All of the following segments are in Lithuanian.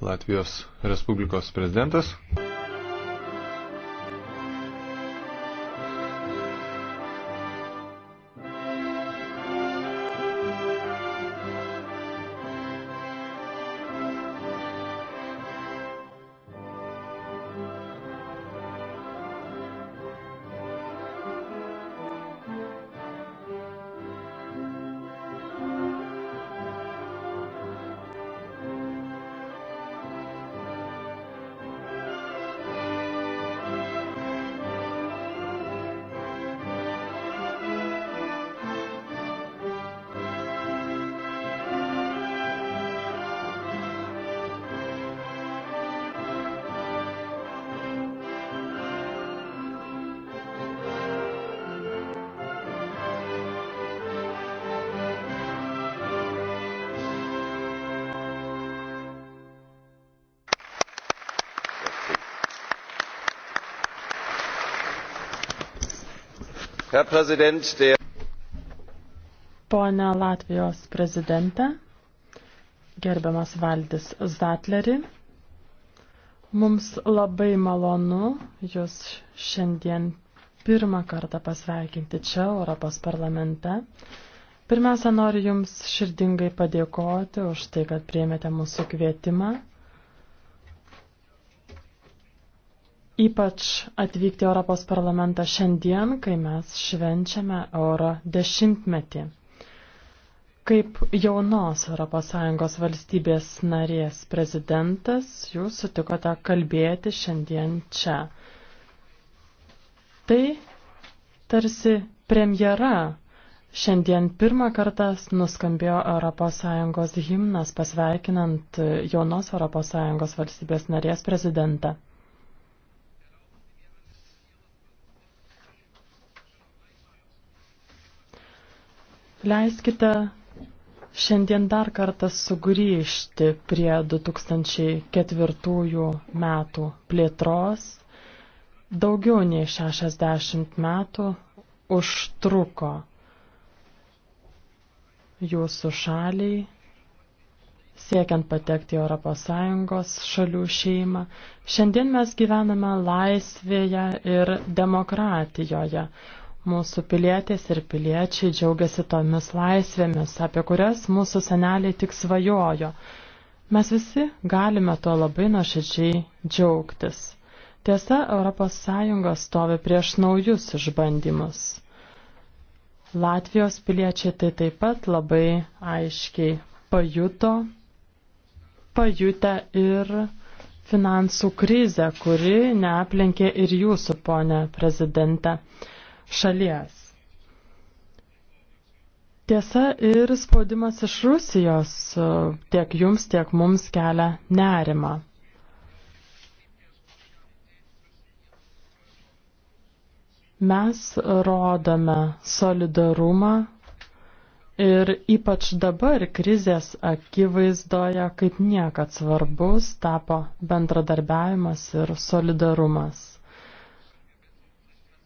Latvijos Respublikos prezidentas. Herr Präsident der Pone Latvijos prezidente, gerbiamas Valdis Zatleri, mums labai malonu Jūs šiandien pirmą kartą pasveikinti čia Europos parlamente. Pirmiausia, noriu Jums širdingai padėkoti už tai, kad priemėte mūsų kvietimą. ypač atvykti į Europos parlamentą šiandien, kai mes švenčiame euro dešimtmetį. Kaip jaunos ES valstybės narės prezidentas, jūs sutikote kalbėti šiandien čia. Tai tarsi premjera. Šiandien pirmą kartą nuskambėjo ES himnas pasveikinant jaunos ES valstybės narės prezidentą. Leiskite šiandien dar kartą sugrįžti prie 2004 metų plėtros. Daugiau nei 60 metų užtruko jūsų šaliai siekiant patekti į ES šalių šeimą. Šiandien mes gyvename laisvėje ir demokratijoje, Mūsų pilietės ir piliečiai džiaugiasi tomis laisvėmis, apie kurias mūsų seneliai tik svajojo. Mes visi galime tuo labai nuoširdžiai džiaugtis. Tiesa, ES stovi prieš naujus išbandymus. Latvijos piliečiai tai taip pat labai aiškiai pajuto, pajutę ir finansų krizę, kuri neaplenkė ir jūsų, ponė prezidente šalies. Tiesa ir spaudimas iš Rusijos e, tiek jums, tiek mums kelia nerimą. Mes rodome solidarumą ir ypač dabar krizės akivaizdoje, kaip niekad svarbus tapo bendradarbiavimas ir solidarumas.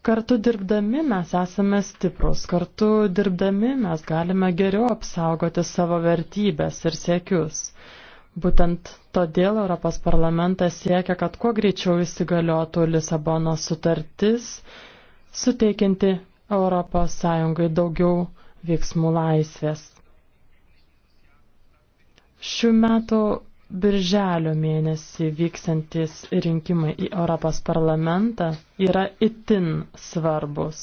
Kartu dirbdami mes esame stiprus, kartu dirbdami mes galime geriau apsaugoti savo vertybės ir siekius. Būtent todėl Europos parlamentas siekia, kad kuo greičiau įsigaliotų Lisabono sutartis, suteikinti Europos Sąjungai daugiau veiksmų laisvės. Šių metų Birželio mėnesį vyksantis rinkimai į Europos parlamentą yra itin svarbus.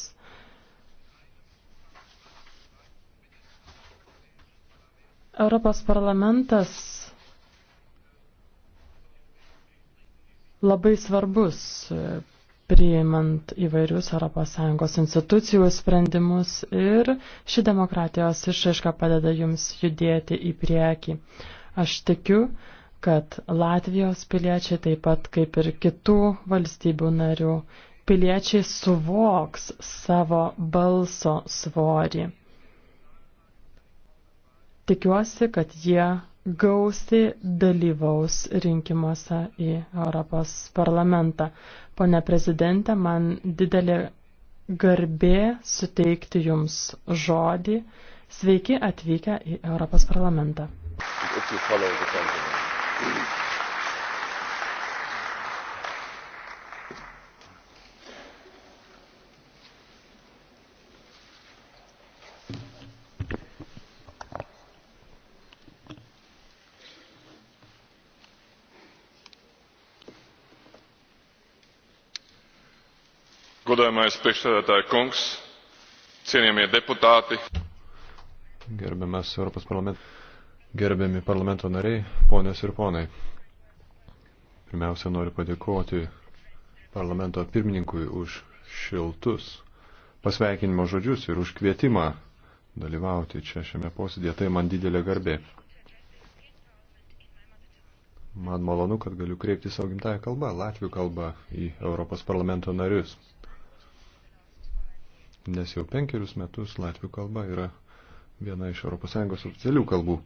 Europos parlamentas labai svarbus e, priimant įvairius ES institucijų sprendimus ir ši demokratijos išraiška padeda jums judėti į priekį. Aš tikiu, kad Latvijos piliečiai taip pat kaip ir kitų valstybių narių piliečiai suvoks savo balso svorį. Tikiuosi, kad jie gausiai dalyvaus rinkimuose į Europos parlamentą. Pone prezidente, man didelė garbė suteikti Jums žodį. Sveiki atvykę į Europos parlamentą. If you follow the Godājumais priekšsēdētāja kungs, cienījamie deputāti. Gerbiamas Europos parlamento. Gerbiami parlamento nariai, ponios ir ponai. Pirmiausia, noriu padėkoti parlamento pirmininkui už šiltus pasveikinimo žodžius ir už kvietimą dalyvauti čia šiame posėdėje. Tai man didelė garbė. Man malonu, kad galiu kreipti savo gimtają kalbą, latvių kalbą, į Europos parlamento narius. Nes jau penkerius metus latvių kalba yra viena iš ES oficialių kalbų.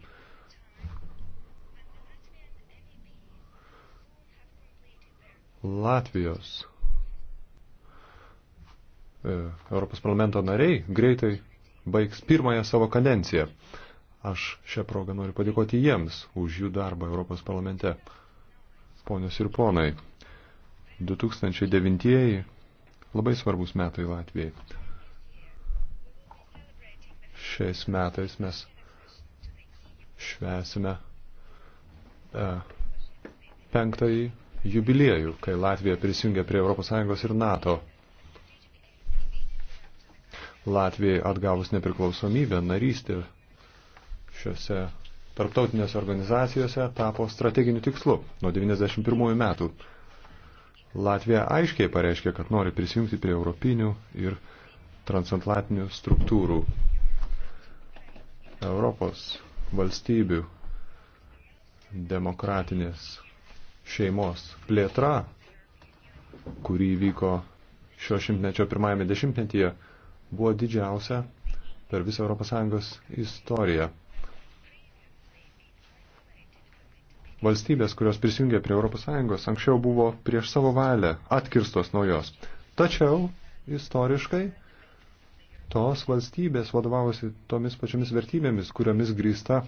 Latvijos e, Europos parlamento nariai greitai baigs pirmąją savo kadenciją. Aš šią progą noriu padėkoti jiems už jų darbą Europos parlamente. Ponios ir ponai, 2009 labai svarbus metai Latvijai. Šiais metais mes švesime e, penktąjį jubiliejų, kai Latvija prisijungė prie ES ir NATO. Latvijai atgavus nepriklausomybę, narystė šiuose tarptautinėse organizacijose tapo strateginiu tikslu nuo 1991 metų. Latvija aiškiai pareiškė, kad nori prisijungti prie europinių ir transatlantinių struktūrų. Europos valstybių demokratinės šeimos plėtra, kuri vyko šio šimtmečio pirmajame dešimtmetyje, buvo didžiausia per visą ES istoriją. Valstybės, kurios prisijungė prie ES, anksčiau buvo prieš savo valią atkirstos naujos. Tačiau istoriškai tos valstybės vadovavosi tomis pačiomis vertybėmis, kuriomis grįsta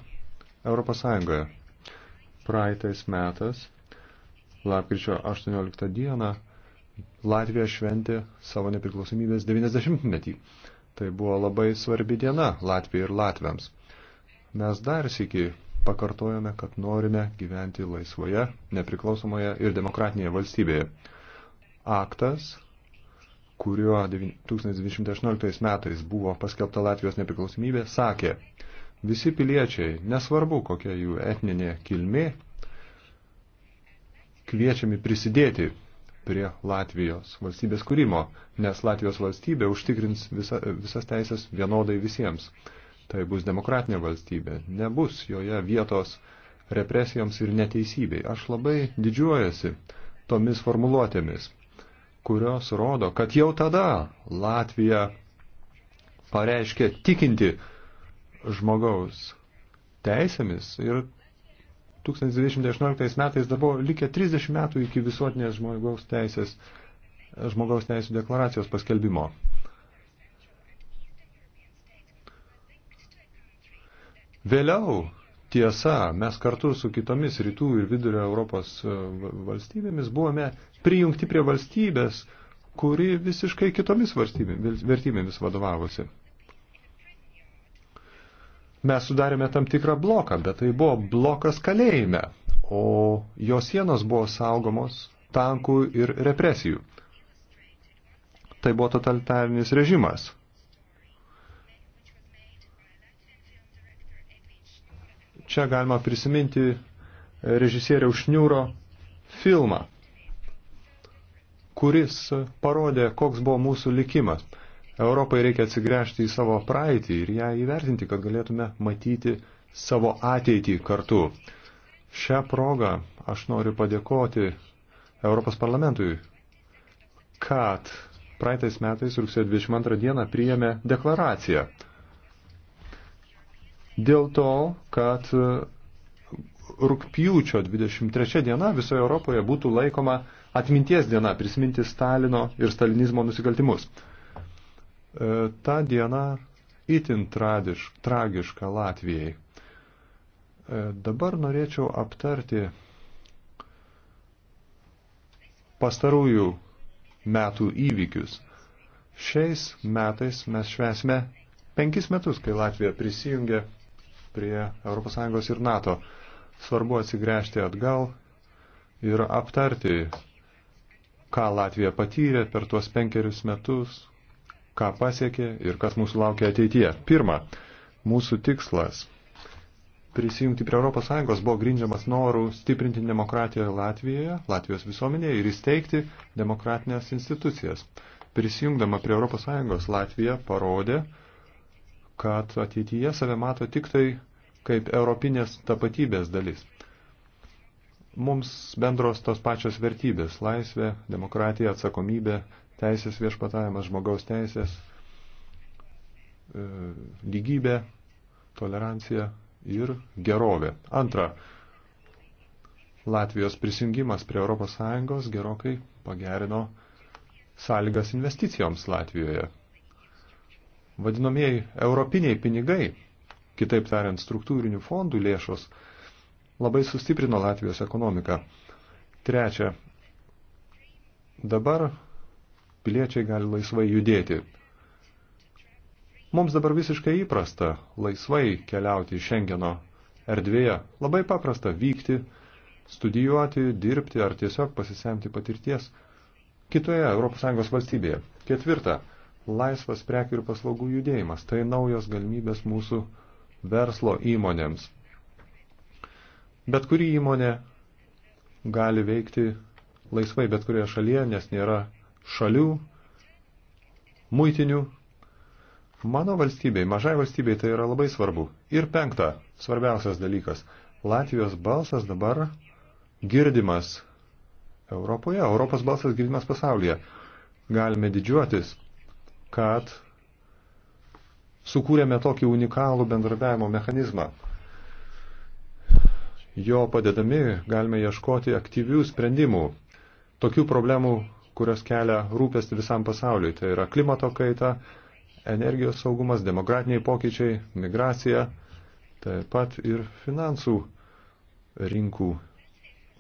ES. Praeitais metas Lapkričio 18 dieną Latvija šventė savo nepriklausomybės 90-metį. Tai buvo labai svarbi diena Latvijai ir Latviams. Mes dar sėki pakartojame, kad norime gyventi laisvoje, nepriklausomoje ir demokratinėje valstybėje. Aktas, kuriuo 1918 metais buvo paskelbta Latvijos nepriklausomybė, sakė, visi piliečiai, nesvarbu kokia jų etninė kilmė, kviečiami prisidėti prie Latvijos valstybės kūrimo, nes Latvijos valstybė užtikrins visa, visas teisės vienodai visiems. Tai bus demokratinė valstybė, nebus joje vietos represijoms ir neteisybei. Aš labai didžiuojasi tomis formuluotėmis, kurios rodo, kad jau tada Latvija pareiškė tikinti žmogaus teisėmis ir 1918 metais dar buvo likę 30 metų iki visuotinės žmogaus teisės, žmogaus teisų deklaracijos paskelbimo. Vėliau, tiesa, mes kartu su kitomis rytų ir vidurio Europos e, valstybėmis buvome prijungti prie valstybės, kuri visiškai kitomis vertybėmis vadovavosi mes sudarėme tam tikrą bloką, bet tai buvo blokas kalėjime, o jo sienos buvo saugomos tankų ir represijų. Tai buvo totalitarinis režimas. Čia galima prisiminti režisieriaus Šniūro filmą, kuris parodė, koks buvo mūsų likimas. Europai reikia atsigręžti į savo praeitį ir ją įvertinti, kad galėtume matyti savo ateitį kartu. Šią progą aš noriu padėkoti Europos parlamentui, kad praeitais metais rugsėjo 22 dieną priėmė deklaraciją. Dėl to, kad rugpjūčio 23 diena visoje Europoje būtų laikoma atminties diena prisiminti Stalino ir stalinizmo nusikaltimus. E, Ta diena itin tradiš, tragiška Latvijai. E, dabar norėčiau aptarti pastarųjų metų įvykius. Šiais metais mes švesime penkis metus, kai Latvija prisijungė prie ES ir NATO. Svarbu atsigręžti atgal ir aptarti, ką Latvija patyrė per tuos penkerius metus, ką pasiekė ir kas mūsų laukia ateityje. Pirma, mūsų tikslas prisijungti prie ES buvo grindžiamas norų stiprinti demokratiją Latvijoje, Latvijos visuomenėje ir įsteigti demokratinės institucijas. Prisijungdama prie ES Latvija parodė, kad ateityje save mato tik tai kaip europinės tapatybės dalis. Mums bendros tos pačios vertybės – laisvė, demokratija, atsakomybė, teisės viešpatavimas, žmogaus teisės, e, lygybė, tolerancija ir gerovė. Antra, Latvijos prisijungimas prie ES gerokai pagerino sąlygas investicijoms Latvijoje. Vadinamieji europiniai pinigai, kitaip tariant struktūrinių fondų lėšos, labai sustiprino Latvijos ekonomiką. Trečia, dabar piliečiai gali laisvai judėti. Mums dabar visiškai įprasta laisvai keliauti iš Šengeno erdvėje. Labai paprasta vykti, studijuoti, dirbti ar tiesiog pasisemti patirties kitoje ES valstybėje. Ketvirta, laisvas prekių ir paslaugų judėjimas. Tai naujos galimybės mūsų verslo įmonėms. Bet kuri įmonė gali veikti laisvai bet kurioje šalyje, nes nėra šalių, muitinių. Mano valstybei, mažai valstybei tai yra labai svarbu. Ir penkta, svarbiausias dalykas, Latvijos balsas dabar girdimas Europoje, Europos balsas girdimas pasaulyje. Galime didžiuotis, kad sukūrėme tokį unikalų bendradarbiavimo mechanizmą. Jo padedami galime ieškoti aktyvių sprendimų tokių problemų, kurios kelia rūpestį visam pasauliui. Tai yra klimato kaita, energijos saugumas, demokratiniai pokyčiai, migracija, taip pat ir finansų rinkų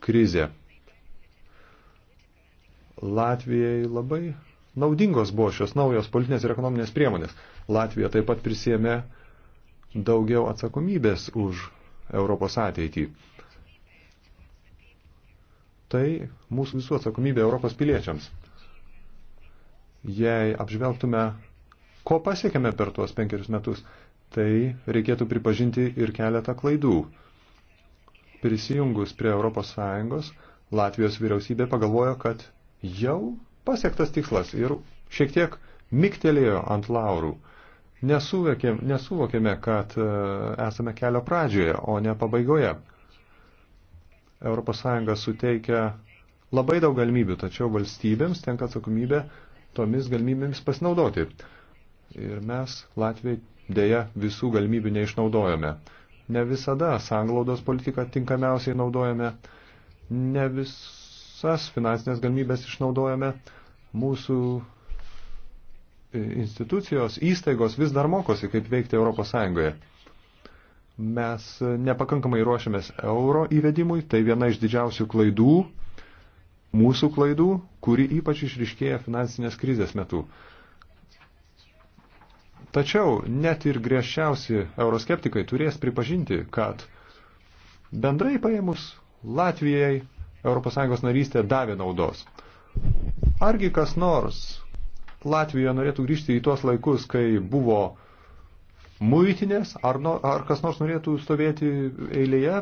krizė. Latvijai labai naudingos buvo šios naujos politinės ir ekonominės priemonės. Latvija taip pat prisėmė daugiau atsakomybės už Europos ateitį tai mūsų visų atsakomybė Europos piliečiams. Jei apžvelgtume, ko pasiekėme per tuos penkerius metus, tai reikėtų pripažinti ir keletą klaidų. Prisijungus prie Europos Sąjungos, Latvijos vyriausybė pagalvojo, kad jau pasiektas tikslas ir šiek tiek miktelėjo ant laurų. Nesuvokėme, nesuvokėme kad e, esame kelio pradžioje, o ne pabaigoje. ES suteikia labai daug galimybių, tačiau valstybėms tenka atsakomybė tomis galimybėmis pasinaudoti. Ir mes, Latvijai, dėja visų galimybių neišnaudojame. Ne visada sanglaudos politiką tinkamiausiai naudojame, ne visas finansinės galimybės išnaudojame. Mūsų e, institucijos, įstaigos vis dar mokosi, kaip veikti Europos Sąjungoje mes nepakankamai ruošiamės euro įvedimui, tai viena iš didžiausių klaidų, mūsų klaidų, kuri ypač išriškėja finansinės krizės metu. Tačiau net ir griežčiausi euroskeptikai turės pripažinti, kad bendrai paėmus Latvijai ES narystė davė naudos. Argi kas nors Latvijoje norėtų grįžti į tuos laikus, kai buvo muitinės, ar, no, ar kas nors norėtų stovėti eilėje,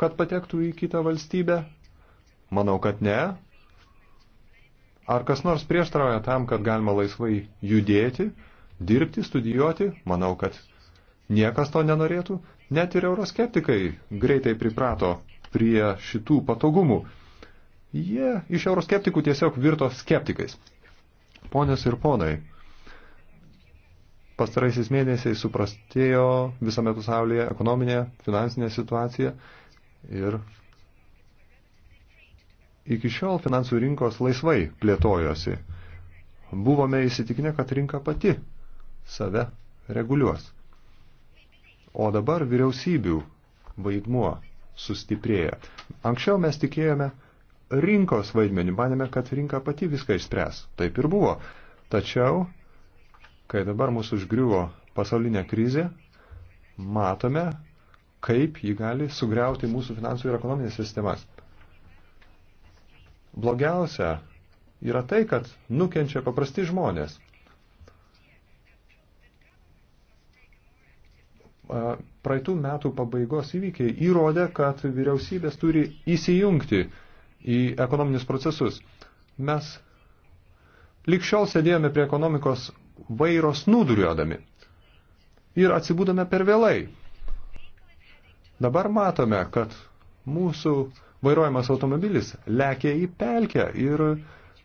kad patektų į kitą valstybę? Manau, kad ne. Ar kas nors prieštarauja tam, kad galima laisvai judėti, dirbti, studijuoti? Manau, kad niekas to nenorėtų. Net ir euroskeptikai greitai priprato prie šitų patogumų. Jie iš euroskeptikų tiesiog virto skeptikais. Ponios ir ponai, Pastaraisiais mėnesiais suprastėjo visame pasaulyje ekonominė, finansinė situacija ir iki šiol finansų rinkos laisvai plėtojosi. Buvome įsitikinę, kad rinka pati save reguliuos. O dabar vyriausybių vaidmuo sustiprėja. Anksčiau mes tikėjome rinkos vaidmenį, manėme, kad rinka pati viską išspręs. Taip ir buvo. Tačiau kai dabar mūsų užgriuvo pasaulinė krizė, matome, kaip ji gali sugriauti mūsų finansų ir ekonominės sistemas. Blogiausia yra tai, kad nukenčia paprasti žmonės. Praeitų metų pabaigos įvykiai įrodė, kad vyriausybės turi įsijungti į ekonominius procesus. Mes likščiol sėdėjome prie ekonomikos vairos nuduriuodami. Ir atsibūdame per vėlai. Dabar matome, kad mūsų vairuojamas automobilis lekia į pelkę ir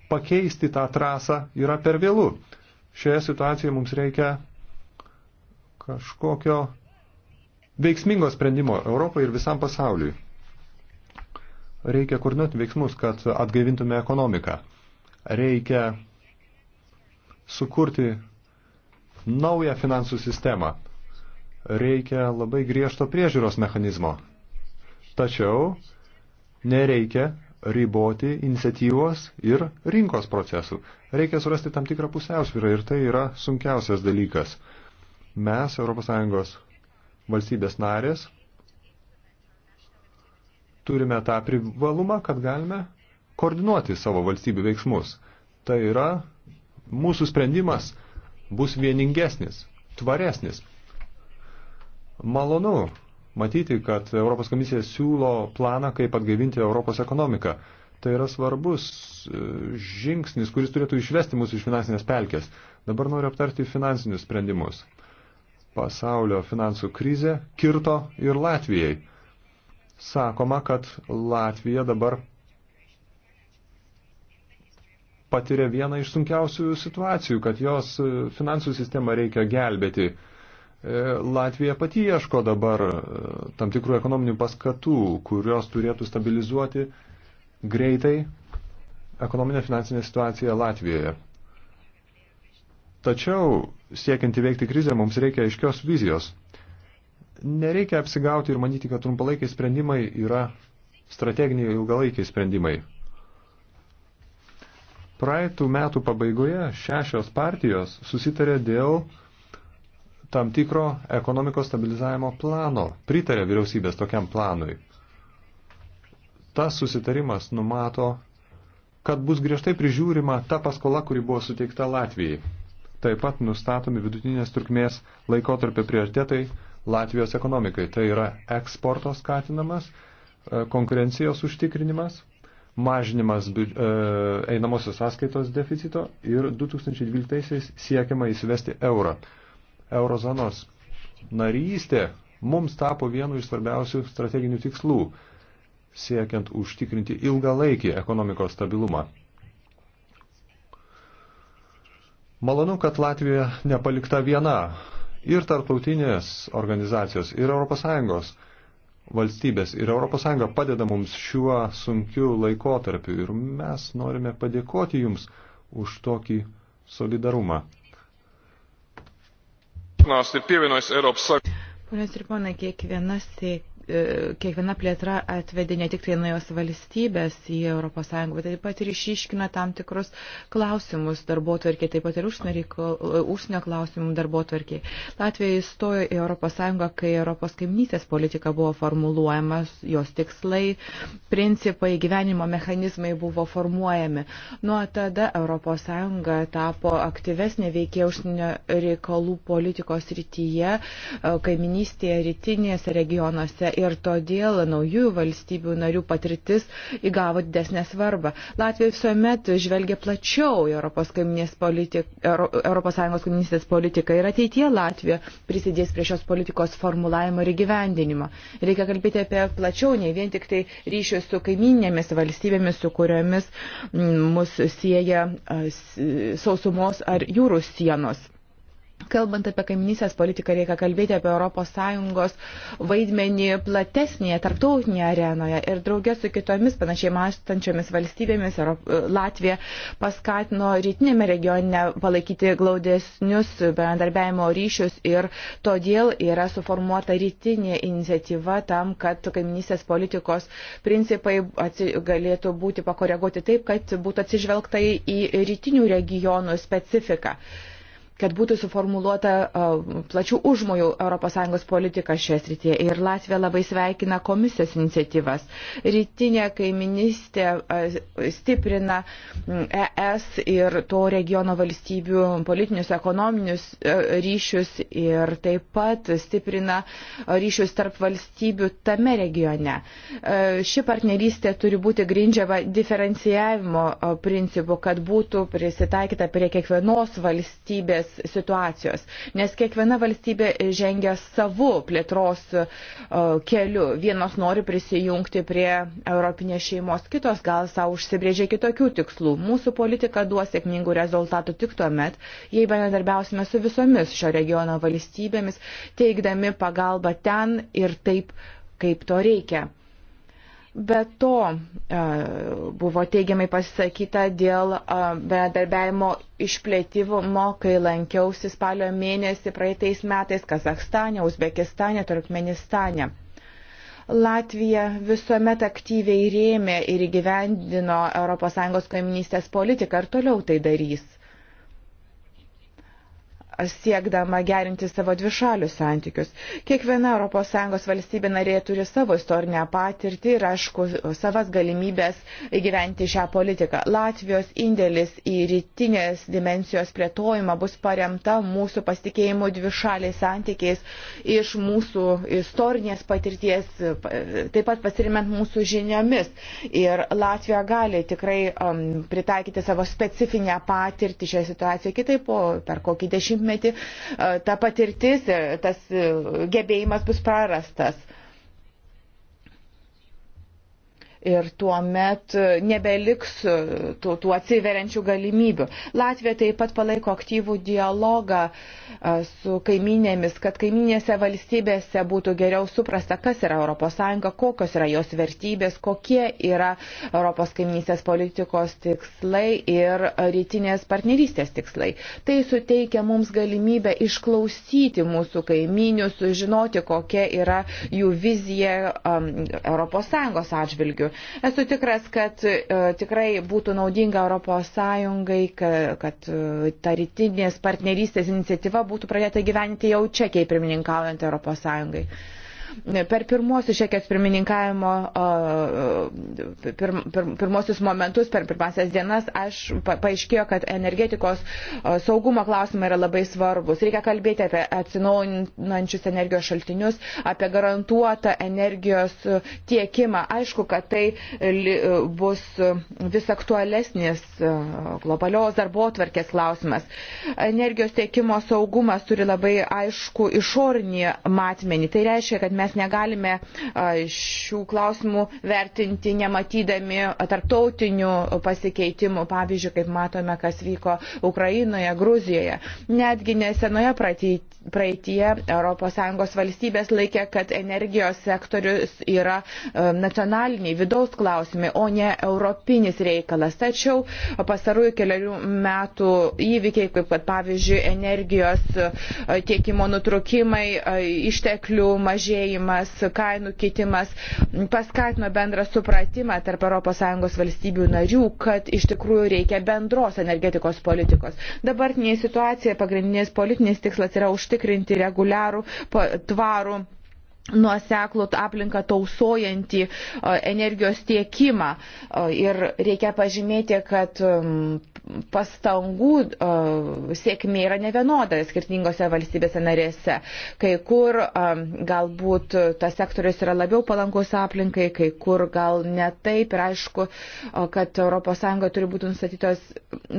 pakeisti tą trasą yra per vėlų. Šioje situacijoje mums reikia kažkokio veiksmingo sprendimo Europai ir visam pasauliui. Reikia koordinuoti veiksmus, kad atgaivintume ekonomiką. Reikia sukurti naują finansų sistemą. Reikia labai griežto priežiūros mechanizmo. Tačiau nereikia riboti iniciatyvos ir rinkos procesų. Reikia surasti tam tikrą pusiausvyrą ir tai yra sunkiausias dalykas. Mes, ES valstybės narės, turime tą privalumą, kad galime koordinuoti savo valstybių veiksmus. Tai yra mūsų sprendimas bus vieningesnis, tvaresnis. Malonu matyti, kad Europos komisija siūlo planą, kaip atgaivinti Europos ekonomiką. Tai yra svarbus e, žingsnis, kuris turėtų išvesti mūsų iš finansinės pelkės. Dabar noriu aptarti finansinius sprendimus. Pasaulio finansų krizė kirto ir Latvijai. Sakoma, kad Latvija dabar patiria vieną iš sunkiausių situacijų, kad jos e, finansų sistemą reikia gelbėti. E, Latvija pati ieško dabar e, tam tikrų ekonominių paskatų, kurios turėtų stabilizuoti greitai ekonominę finansinę situaciją Latvijoje. Tačiau, siekiant įveikti krizę, mums reikia aiškios vizijos. Nereikia apsigauti ir manyti, kad trumpalaikiai sprendimai yra strateginiai ilgalaikiai sprendimai. Praeitų metų pabaigoje šešios partijos susitarė dėl tam tikro ekonomikos stabilizavimo plano, pritarė vyriausybės tokiam planui. Tas susitarimas numato, kad bus griežtai prižiūrima ta paskola, kuri buvo suteikta Latvijai. Taip pat nustatomi vidutinės trukmės laikotarpio prioritetai Latvijos ekonomikai. Tai yra eksporto skatinamas, e, konkurencijos užtikrinimas mažinimas e, einamosios sąskaitos deficito ir 2012 siekiama įsivesti eurą. Eurozonos narystė mums tapo vienu iš svarbiausių strateginių tikslų, siekiant užtikrinti ilgalaikį ekonomikos stabilumą. Malonu, kad Latvija nepalikta viena ir tarptautinės organizacijos, ir ES valstybės. Ir ES padeda mums šiuo sunkiu laikotarpiu. Ir mes norime padėkoti Jums už tokį solidarumą. Ponas ir ponai, kiekviena sėkmė E, kiekviena plėtra atvedė ne tik tai naujos valstybės į ES, bet taip pat ir išiškina tam tikrus klausimus darbo tvarkiai, taip pat ir užsienio e, klausimų darbo tvarkiai. Latvija įstojo į ES, kai ES kaimynystės politika buvo formuluojama, jos tikslai, principai, gyvenimo mechanizmai buvo formuojami. Nuo tada ES tapo aktyvesnė veikė užsienio reikalų politikos rytyje, e, kaiminystėje, rytinėse regionuose ir todėl naujųjų valstybių narių patirtis įgavo didesnę svarbą. Latvija visuomet žvelgia plačiau Europos, politik, Europos Sąjungos kaiminystės politiką ir ateitie Latvija prisidės prie šios politikos formulavimo ir gyvendinimo. Reikia kalbėti apie plačiau, ne vien tik tai ryšius su kaiminėmis valstybėmis, su kuriomis mm, mus sieja sausumos ar jūrų sienos. Kalbant apie kaiminysės politiką, reikia kalbėti apie ES vaidmenį platesnėje, tarptautinėje arenoje. Ir draugė su kitomis panašiai mąstančiomis valstybėmis Latvija paskatino rytinėme regione palaikyti glaudesnius bendarbiajimo ryšius ir todėl yra suformuota rytinė iniciatyva tam, kad kaiminysės politikos principai galėtų būti pakoreguoti taip, kad būtų atsižvelgta į rytinių regionų specifiką. Uh, kad būtų suformuluota plačių užmojų ES politika šioje srityje. Ir Latvija labai sveikina komisijos iniciatyvas. Rytinė kaiminystė stiprina ES ir to regiono valstybių politinius, ekonominius ryšius ir taip pat stiprina ryšius tarp valstybių tame regione. Ši partnerystė turi būti grindžiama diferencijavimo principu, kad būtų prisitaikyta prie kiekvienos valstybės sudėtingos situacijos, nes kiekviena valstybė žengia savo plėtros e, keliu. Vienos nori prisijungti prie Europinės šeimos, kitos gal savo užsibrėžia kitokių tikslų. Mūsų politika duos sėkmingų rezultatų tik tuo met, jei bendradarbiausime su visomis šio regiono valstybėmis, teikdami pagalbą ten ir taip, kaip to reikia. Be to e, buvo teigiamai pasisakyta dėl e, bendarbiavimo išplėtimo, kai lankiausi spalio mėnesį praeitais metais Kazakstane, Uzbekistane, Turkmenistane. Latvija visuomet aktyviai rėmė ir įgyvendino ES kaiminystės politiką ir toliau tai darys siekdama gerinti savo dvišalius santykius. Kiekviena ES valstybė narė turi savo istorinę patirtį ir, aišku, savas galimybės įgyventi šią politiką. Latvijos indėlis į rytinės dimensijos plėtojimą bus paremta mūsų pasitikėjimu dvišaliais santykiais iš mūsų istorinės patirties, taip pat pasirimant mūsų žiniomis. Ir Latvija gali tikrai um, pritaikyti savo specifinę patirtį šią situaciją kitaip po, per kokį dešimtmetį dešimtmetį e, ta patirtis ir e, tas e, gebėjimas bus prarastas ir tuo met e, nebeliks e, tų, tų atsiveriančių galimybių. Latvija taip pat palaiko aktyvų dialogą e, su kaiminėmis, kad kaiminėse valstybėse būtų geriau suprasta, kas yra ES, kokios yra jos vertybės, kokie yra ES kaiminysės politikos tikslai ir rytinės partnerystės tikslai. Tai suteikia mums galimybę išklausyti mūsų kaiminius, sužinoti, kokia yra jų vizija um, ES atžvilgių. Esu tikras, kad e, tikrai būtų naudinga ES, kad, kad e, ta rytinės partnerystės iniciatyva būtų pradėta gyventi jau čekiai pirmininkaujant ES. Per pirmuosius šekės pirmininkavimo, pir, pir, pirmuosius momentus, per pirmasias dienas, aš paaiškėjo, kad energetikos saugumo klausimai yra labai svarbus. Reikia kalbėti apie atsinaujinančius energijos šaltinius, apie garantuotą energijos tiekimą. Aišku, kad tai bus vis aktualesnis globalios darbo tvarkės klausimas. Energijos tiekimo saugumas turi labai aišku išorinį matmenį. Tai reiškia, kad mes mes negalime šių klausimų vertinti nematydami tarptautinių pasikeitimų, pavyzdžiui, kaip matome, kas vyko Ukrainoje, Gruzijoje. Netgi nesenoje praeitie ES valstybės laikė, kad energijos sektorius yra nacionaliniai vidaus klausimai, o ne europinis reikalas. Tačiau pasarųjų keliarių metų įvykiai, kaip kad pavyzdžiui energijos tiekimo nutrukimai, išteklių mažėjimas, mažėjimas, kainų kitimas paskatino bendrą supratimą tarp ES valstybių narių, kad iš tikrųjų reikia bendros energetikos politikos. Dabartinėje situacijoje pagrindinis politinis tikslas yra užtikrinti reguliarų, tvarų nuoseklų aplinką tausojantį e, energijos tiekimą. E, ir reikia pažymėti, kad pastangų sėkmė yra nevienoda skirtingose valstybėse narėse. Kai kur galbūt tas sektorius yra labiau palankus aplinkai, kai kur gal netaip ir aišku, kad ES turi būti nustatytos,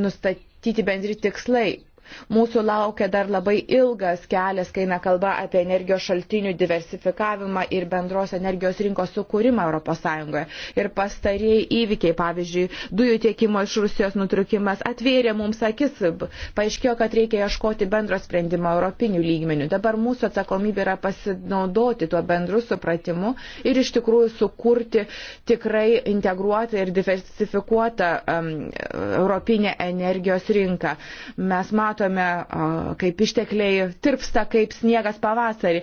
nustatyti bendri tikslai. Mūsų laukia dar labai ilgas kelias, kai eina kalba apie energijos šaltinių diversifikavimą ir bendros energijos rinkos sukūrimą ES. Ir pastarėjai įvykiai, pavyzdžiui, dujų tiekimo iš Rusijos nutrukimas atvėrė mums akis, paaiškėjo, kad reikia ieškoti bendro sprendimo europinių lygmenių. Dabar mūsų atsakomybė yra pasinaudoti tuo bendru supratimu ir iš tikrųjų sukurti tikrai integruotą ir diversifikuotą um, europinę energijos rinką. Mes matome, matome, kaip ištekliai tirpsta kaip sniegas pavasarį.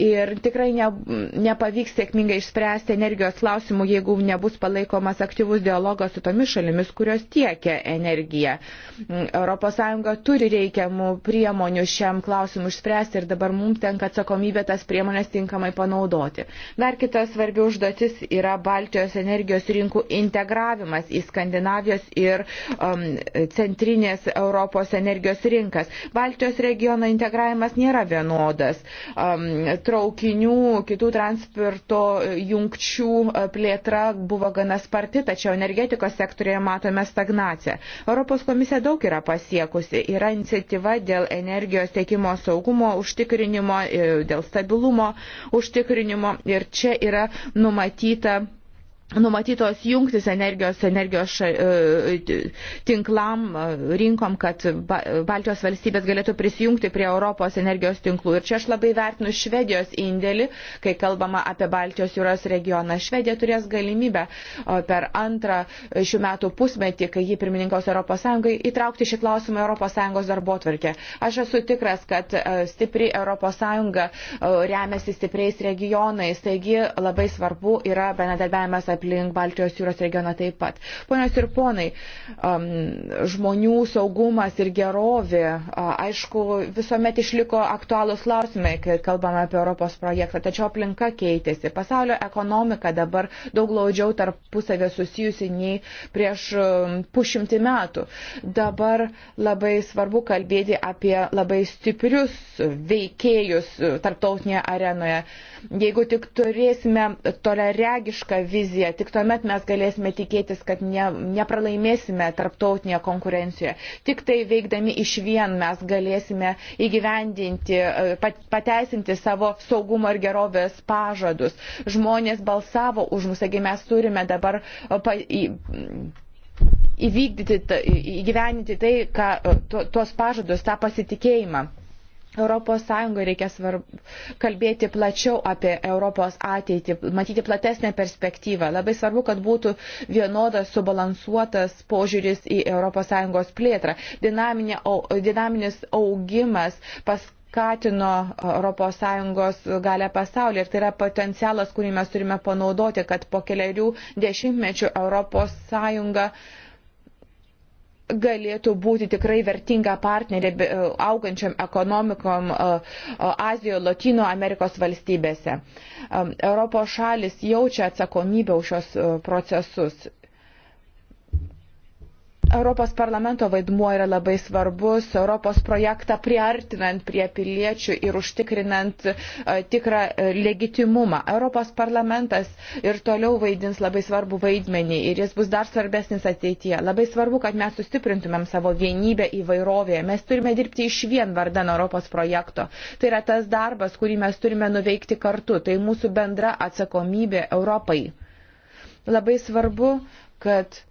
Ir tikrai ne, nepavyks sėkmingai išspręsti energijos klausimų, jeigu nebus palaikomas aktyvus dialogas su tomis šalimis, kurios tiekia energiją. ES turi reikiamų priemonių šiam klausimui išspręsti ir dabar mums tenka atsakomybė tas priemonės tinkamai panaudoti. Dar kita svarbi užduotis yra Baltijos energijos rinkų integravimas į Skandinavijos ir um, centrinės Europos energijos rinkas. Baltijos regiono integravimas nėra vienodas. Traukinių, kitų transporto jungčių plėtra buvo gana sparti, tačiau energetikos sektorėje matome stagnaciją. Europos komisija daug yra pasiekusi. Yra iniciatyva dėl energijos tiekimo saugumo užtikrinimo, e, dėl stabilumo užtikrinimo ir čia yra numatyta numatytos jungtis energijos, energijos ša, e, e, tinklam, e, rinkom, kad Baltijos valstybės galėtų prisijungti prie Europos energijos tinklų. Ir čia aš labai vertinu Švedijos indėlį, kai kalbama apie Baltijos jūros regioną. Švedija turės galimybę per antrą šių metų pusmetį, kai ji pirmininkaus Europos Sąjungai, įtraukti šį klausimą Europos Sąjungos darbo tvarkę. Aš esu tikras, kad stipri Europos Sąjunga remiasi stipriais regionais, taigi labai svarbu yra bendradarbiavimas apie aplink Baltijos jūros regioną taip pat. Ponios ir ponai, žmonių saugumas ir gerovė, aišku, visuomet išliko aktualūs klausimai, kai kalbame apie Europos projektą, tačiau aplinka keitėsi. Pasaulio ekonomika dabar daug glaudžiau tarpusavė susijusi nei prieš pušimtį metų. Dabar labai svarbu kalbėti apie labai stiprius veikėjus tarptautinėje arenoje. Jeigu tik turėsime toleregišką viziją, reikia. Tik tuomet mes galėsime tikėtis, kad ne, nepralaimėsime tarptautinėje konkurencijoje. Tik tai veikdami iš vien mes galėsime įgyvendinti, pateisinti savo saugumo ir gerovės pažadus. Žmonės balsavo už mus, taigi mes turime dabar. Pa, į, įvykdyti, įgyveninti tai, ką, to, tuos pažadus, tą pasitikėjimą. Europos Sąjungoje reikia svarb... kalbėti plačiau apie Europos ateitį, matyti platesnę perspektyvą. Labai svarbu, kad būtų vienodas, subalansuotas požiūris į Europos Sąjungos plėtrą. Dinaminė, au, dinaminis augimas pas skatino ES galę pasaulyje. Ir tai yra potencialas, kurį mes turime panaudoti, kad po keliarių dešimtmečių ES galėtų būti tikrai vertinga partnerė e, augančiam ekonomikom e, e, Azijoje, Latino Amerikos valstybėse. Europos šalis jaučia atsakomybę už šios procesus Europos parlamento vaidmuo yra labai svarbus, Europos projektą priartinant prie piliečių ir užtikrinant e, tikrą e, legitimumą. Europos parlamentas ir toliau vaidins labai svarbų vaidmenį ir jis bus dar svarbesnis ateityje. Labai svarbu, kad mes sustiprintumėm savo vienybę įvairovėje. Mes turime dirbti iš vien vardan Europos projekto. Tai yra tas darbas, kurį mes turime nuveikti kartu. Tai mūsų bendra atsakomybė Europai. Labai svarbu, kad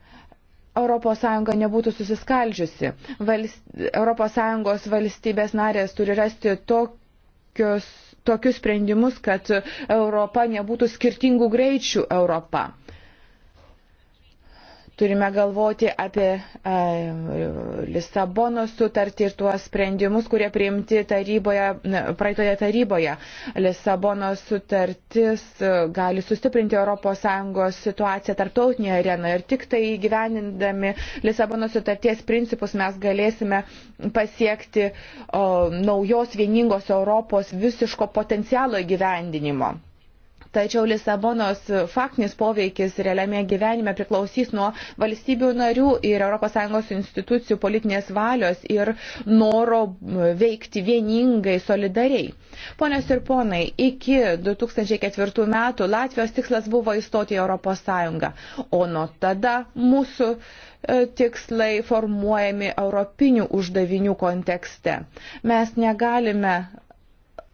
ES nebūtų susiskaldžiusi. ES valstybės narės turi rasti tokius, tokius sprendimus, kad Europa nebūtų skirtingų greičių Europa. Turime galvoti apie Lisabono sutartį ir tuos sprendimus, kurie priimti taryboje, praeitoje taryboje. Lisabono sutartis gali sustiprinti ES situaciją tarptautinėje arenoje ir tik tai gyvenindami Lisabono sutarties principus mes galėsime pasiekti o, naujos vieningos Europos visiško potencialo įgyvendinimo. Tačiau Lisabonos faktinis poveikis realiame gyvenime priklausys nuo valstybių narių ir ES institucijų politinės valios ir noro veikti vieningai, solidariai. Ponios ir ponai, iki 2004 metų Latvijos tikslas buvo įstoti į ES, o nuo tada mūsų e, tikslai formuojami europinių uždavinių kontekste. Mes negalime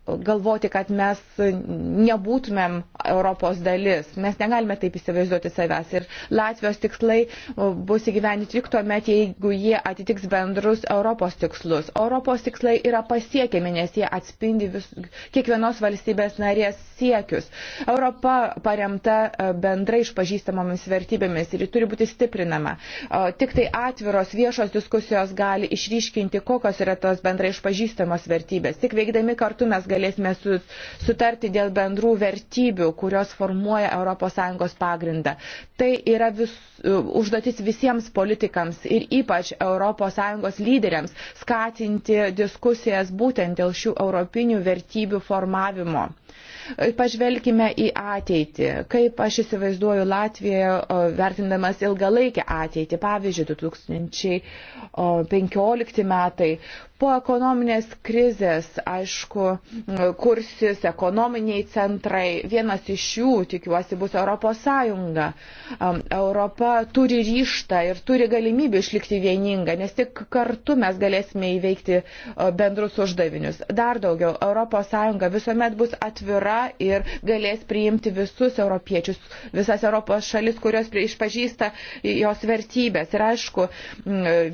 galvoti, kad mes nebūtumėm Europos dalis. Mes negalime taip įsivaizduoti savęs. Ir Latvijos tikslai bus įgyveninti tik tuo met, jeigu jie atitiks bendrus Europos tikslus. Europos tikslai yra pasiekiami, nes jie atspindi vis, kiekvienos valstybės narės siekius. Europa paremta e, bendrai išpažįstamomis vertybėmis ir ji turi būti stiprinama. Tik tai atviros viešos diskusijos gali išryškinti, kokios yra tos bendrai išpažįstamos vertybės. Tik veikdami kartu mes galime galėsime su, sutarti dėl bendrų vertybių, kurios formuoja ES pagrindą. Tai yra vis, užduotis visiems politikams ir ypač ES lyderiams skatinti diskusijas būtent dėl šių europinių vertybių formavimo. Pažvelkime į ateitį. Kaip aš įsivaizduoju Latviją vertindamas ilgalaikę ateitį. Pavyzdžiui, 2015 metai. Po ekonominės krizės, aišku, kursis ekonominiai centrai. Vienas iš jų, tikiuosi, bus Europos Sąjunga. Europa turi ryštą ir turi galimybę išlikti vieningą, nes tik kartu mes galėsime įveikti bendrus uždavinius. Dar daugiau, Europos Sąjunga visuomet bus atvira yra ir galės priimti visus europiečius, visas Europos šalis, kurios išpažįsta jos vertybės. Ir aišku,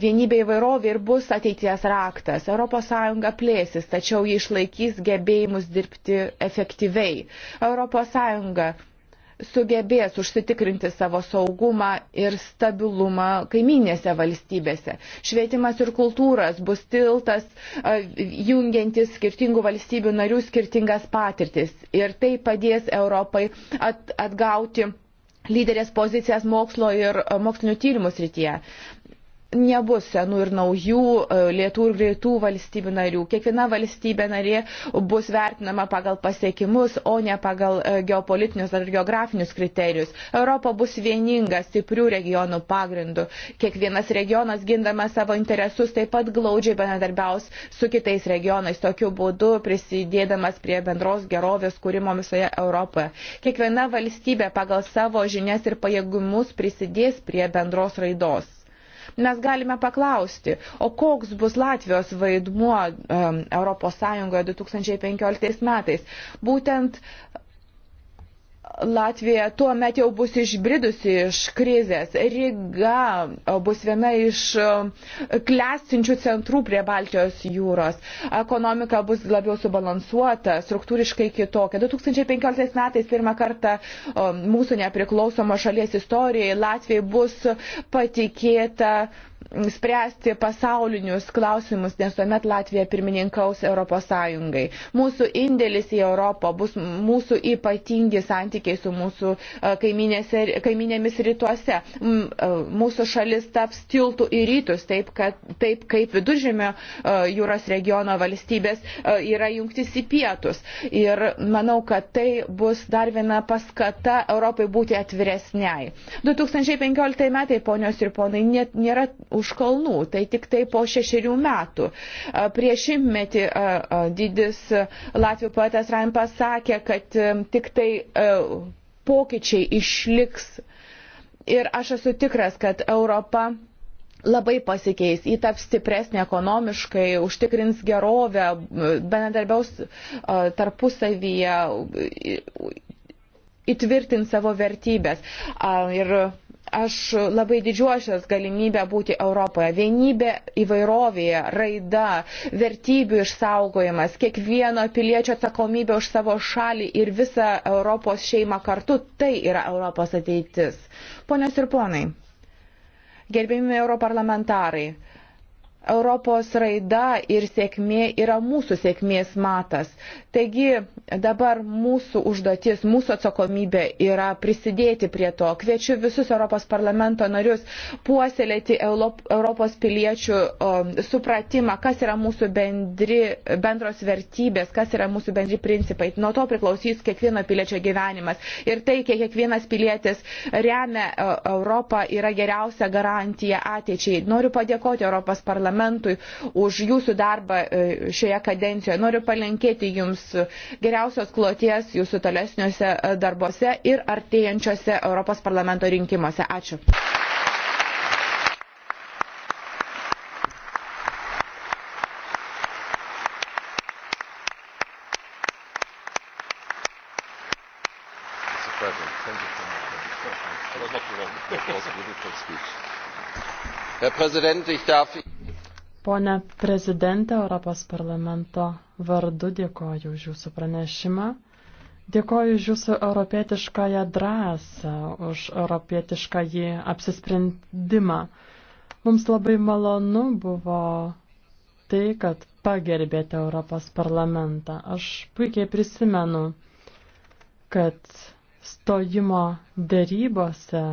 vienybė įvairovė ir bus ateities raktas. ES plėsis, tačiau jie išlaikys gebėjimus dirbti efektyviai. ES sugebės užsitikrinti savo saugumą ir stabilumą kaiminėse valstybėse. Švietimas ir kultūras bus tiltas jungiantis skirtingų valstybių narių skirtingas patirtis ir tai padės Europai at, atgauti lyderės pozicijas mokslo ir mokslinių tyrimų srityje nebus senų ir naujų, e, lietų ir greitų valstybių narių. Kiekviena valstybė narė bus vertinama pagal pasiekimus, o ne pagal e, geopolitinius ar geografinius kriterijus. Europa bus vieninga stiprių regionų pagrindų. Kiekvienas regionas gindamas savo interesus taip pat glaudžiai bendradarbiaus su kitais regionais, tokiu būdu prisidėdamas prie bendros gerovės kūrimo visoje Europoje. Kiekviena valstybė pagal savo žinias ir pajėgumus prisidės prie bendros raidos mes galime paklausti, o koks bus Latvijos vaidmuo um, ES 2015 metais. Būtent Latvija tuo met jau bus išbridusi iš krizės. Riga bus viena iš klestinčių centrų prie Baltijos jūros. Ekonomika bus labiau subalansuota, struktūriškai kitokia. 2015 metais pirmą kartą mūsų nepriklausomos šalies istorijai Latvijai bus patikėta spręsti pasaulinius klausimus, nes tuomet Latvija pirmininkaus Europos Sąjungai. Mūsų indėlis į Europą bus mūsų ypatingi santykiai su mūsų e, kaiminėmis rytuose. E, mūsų šalis taps tiltų į rytus, taip, kad, taip kaip viduržėmio e, jūros regiono valstybės yra jungtis į pietus. Ir manau, kad tai bus dar viena paskata Europai būti atviresniai. 2015 metai, ponios ir ponai, net nėra už už kalnų. Tai tik tai po šešerių metų. Prieš šimtmetį didis Latvijų poetas Rain pasakė, kad tik tai e, pokyčiai išliks. Ir aš esu tikras, kad Europa labai pasikeis, ji taps stipresnė ekonomiškai, užtikrins gerovę, bendradarbiaus tarpusavyje, įtvirtins savo vertybės. Ir Aš labai didžiuosios galimybę būti Europoje. Vienybė įvairovėje, raida, vertybių išsaugojimas, kiekvieno piliečio atsakomybė už savo šalį ir visą Europos šeimą kartu - tai yra Europos ateitis. Ponios ir ponai, gerbėmi europarlamentarai, Europos raida ir sėkmė yra mūsų sėkmės matas. Taigi dabar mūsų užduotis, mūsų atsakomybė yra prisidėti prie to. Kviečiu visus Europos parlamento narius puoselėti Europos piliečių o, supratimą, kas yra mūsų bendri, bendros vertybės, kas yra mūsų bendri principai. Nuo to priklausys kiekvieno piliečio gyvenimas. Ir tai, kiek kiekvienas pilietis remia e, Europą, yra geriausia garantija ateičiai. Noriu padėkoti Europos parlamentui parlamentui už jūsų darbą e, šioje kadencijoje. Noriu palinkėti jums geriausios kloties jūsų tolesniuose e, darbuose ir artėjančiuose Europos parlamento rinkimuose. Ačiū. herr präsident ich darf Pone prezidente, Europos parlamento vardu dėkoju už jūsų pranešimą. Dėkoju už jūsų europietiškąją drąsą, už europietiškąjį apsisprendimą. Mums labai malonu buvo tai, kad pagerbėte Europos parlamentą. Aš puikiai prisimenu, kad stojimo dėrybose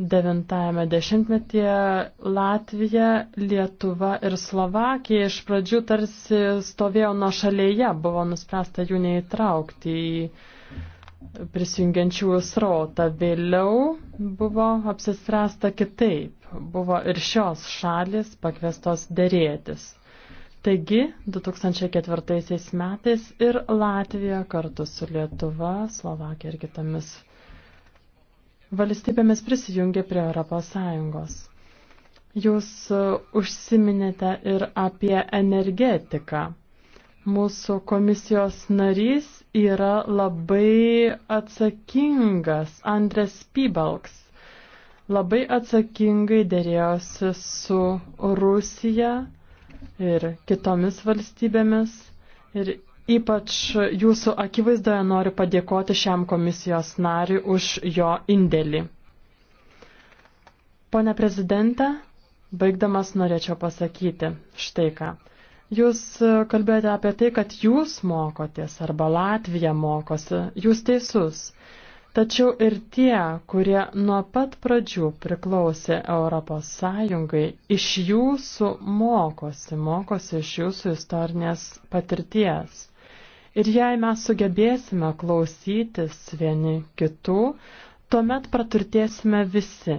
Devintajame dešimtmetyje Latvija, Lietuva ir Slovakija iš pradžių tarsi stovėjo nuo šalyje, buvo nuspręsta jų neįtraukti į prisijungiančiųjų srautą. Vėliau buvo apsispręsta kitaip, buvo ir šios šalis pakvestos dėrėtis. Taigi 2004 metais ir Latvija kartu su Lietuva, Slovakija ir kitomis valstybėmis prisijungė prie Europos Sąjungos. Jūs e, užsiminėte ir apie energetiką. Mūsų komisijos narys yra labai atsakingas Andres Pybalks. Labai atsakingai dėrėjosi su Rusija ir kitomis valstybėmis ir Ypač jūsų akivaizdoje noriu padėkoti šiam komisijos nariui už jo indėlį. Pone prezidente, baigdamas norėčiau pasakyti štai ką. Jūs kalbėjote apie tai, kad jūs mokotės arba Latvija mokosi. Jūs teisus. Tačiau ir tie, kurie nuo pat pradžių priklausė Europos Sąjungai, iš jūsų mokosi, mokosi iš jūsų istorinės patirties. Ir jei mes sugebėsime klausytis vieni kitų, tuomet praturtėsime visi.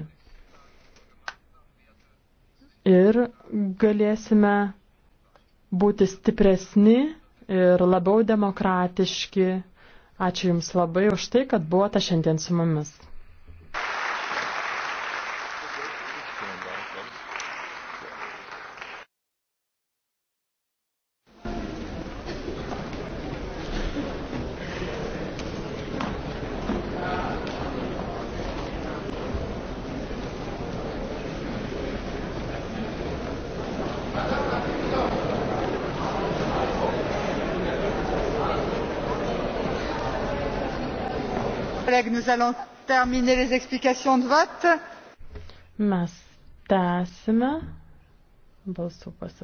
Ir galėsime būti stipresni ir labiau demokratiški. Ačiū Jums labai už tai, kad buvote šiandien su mumis. allons terminer les explications de vote. Mes tęsime balsų pasisakymą.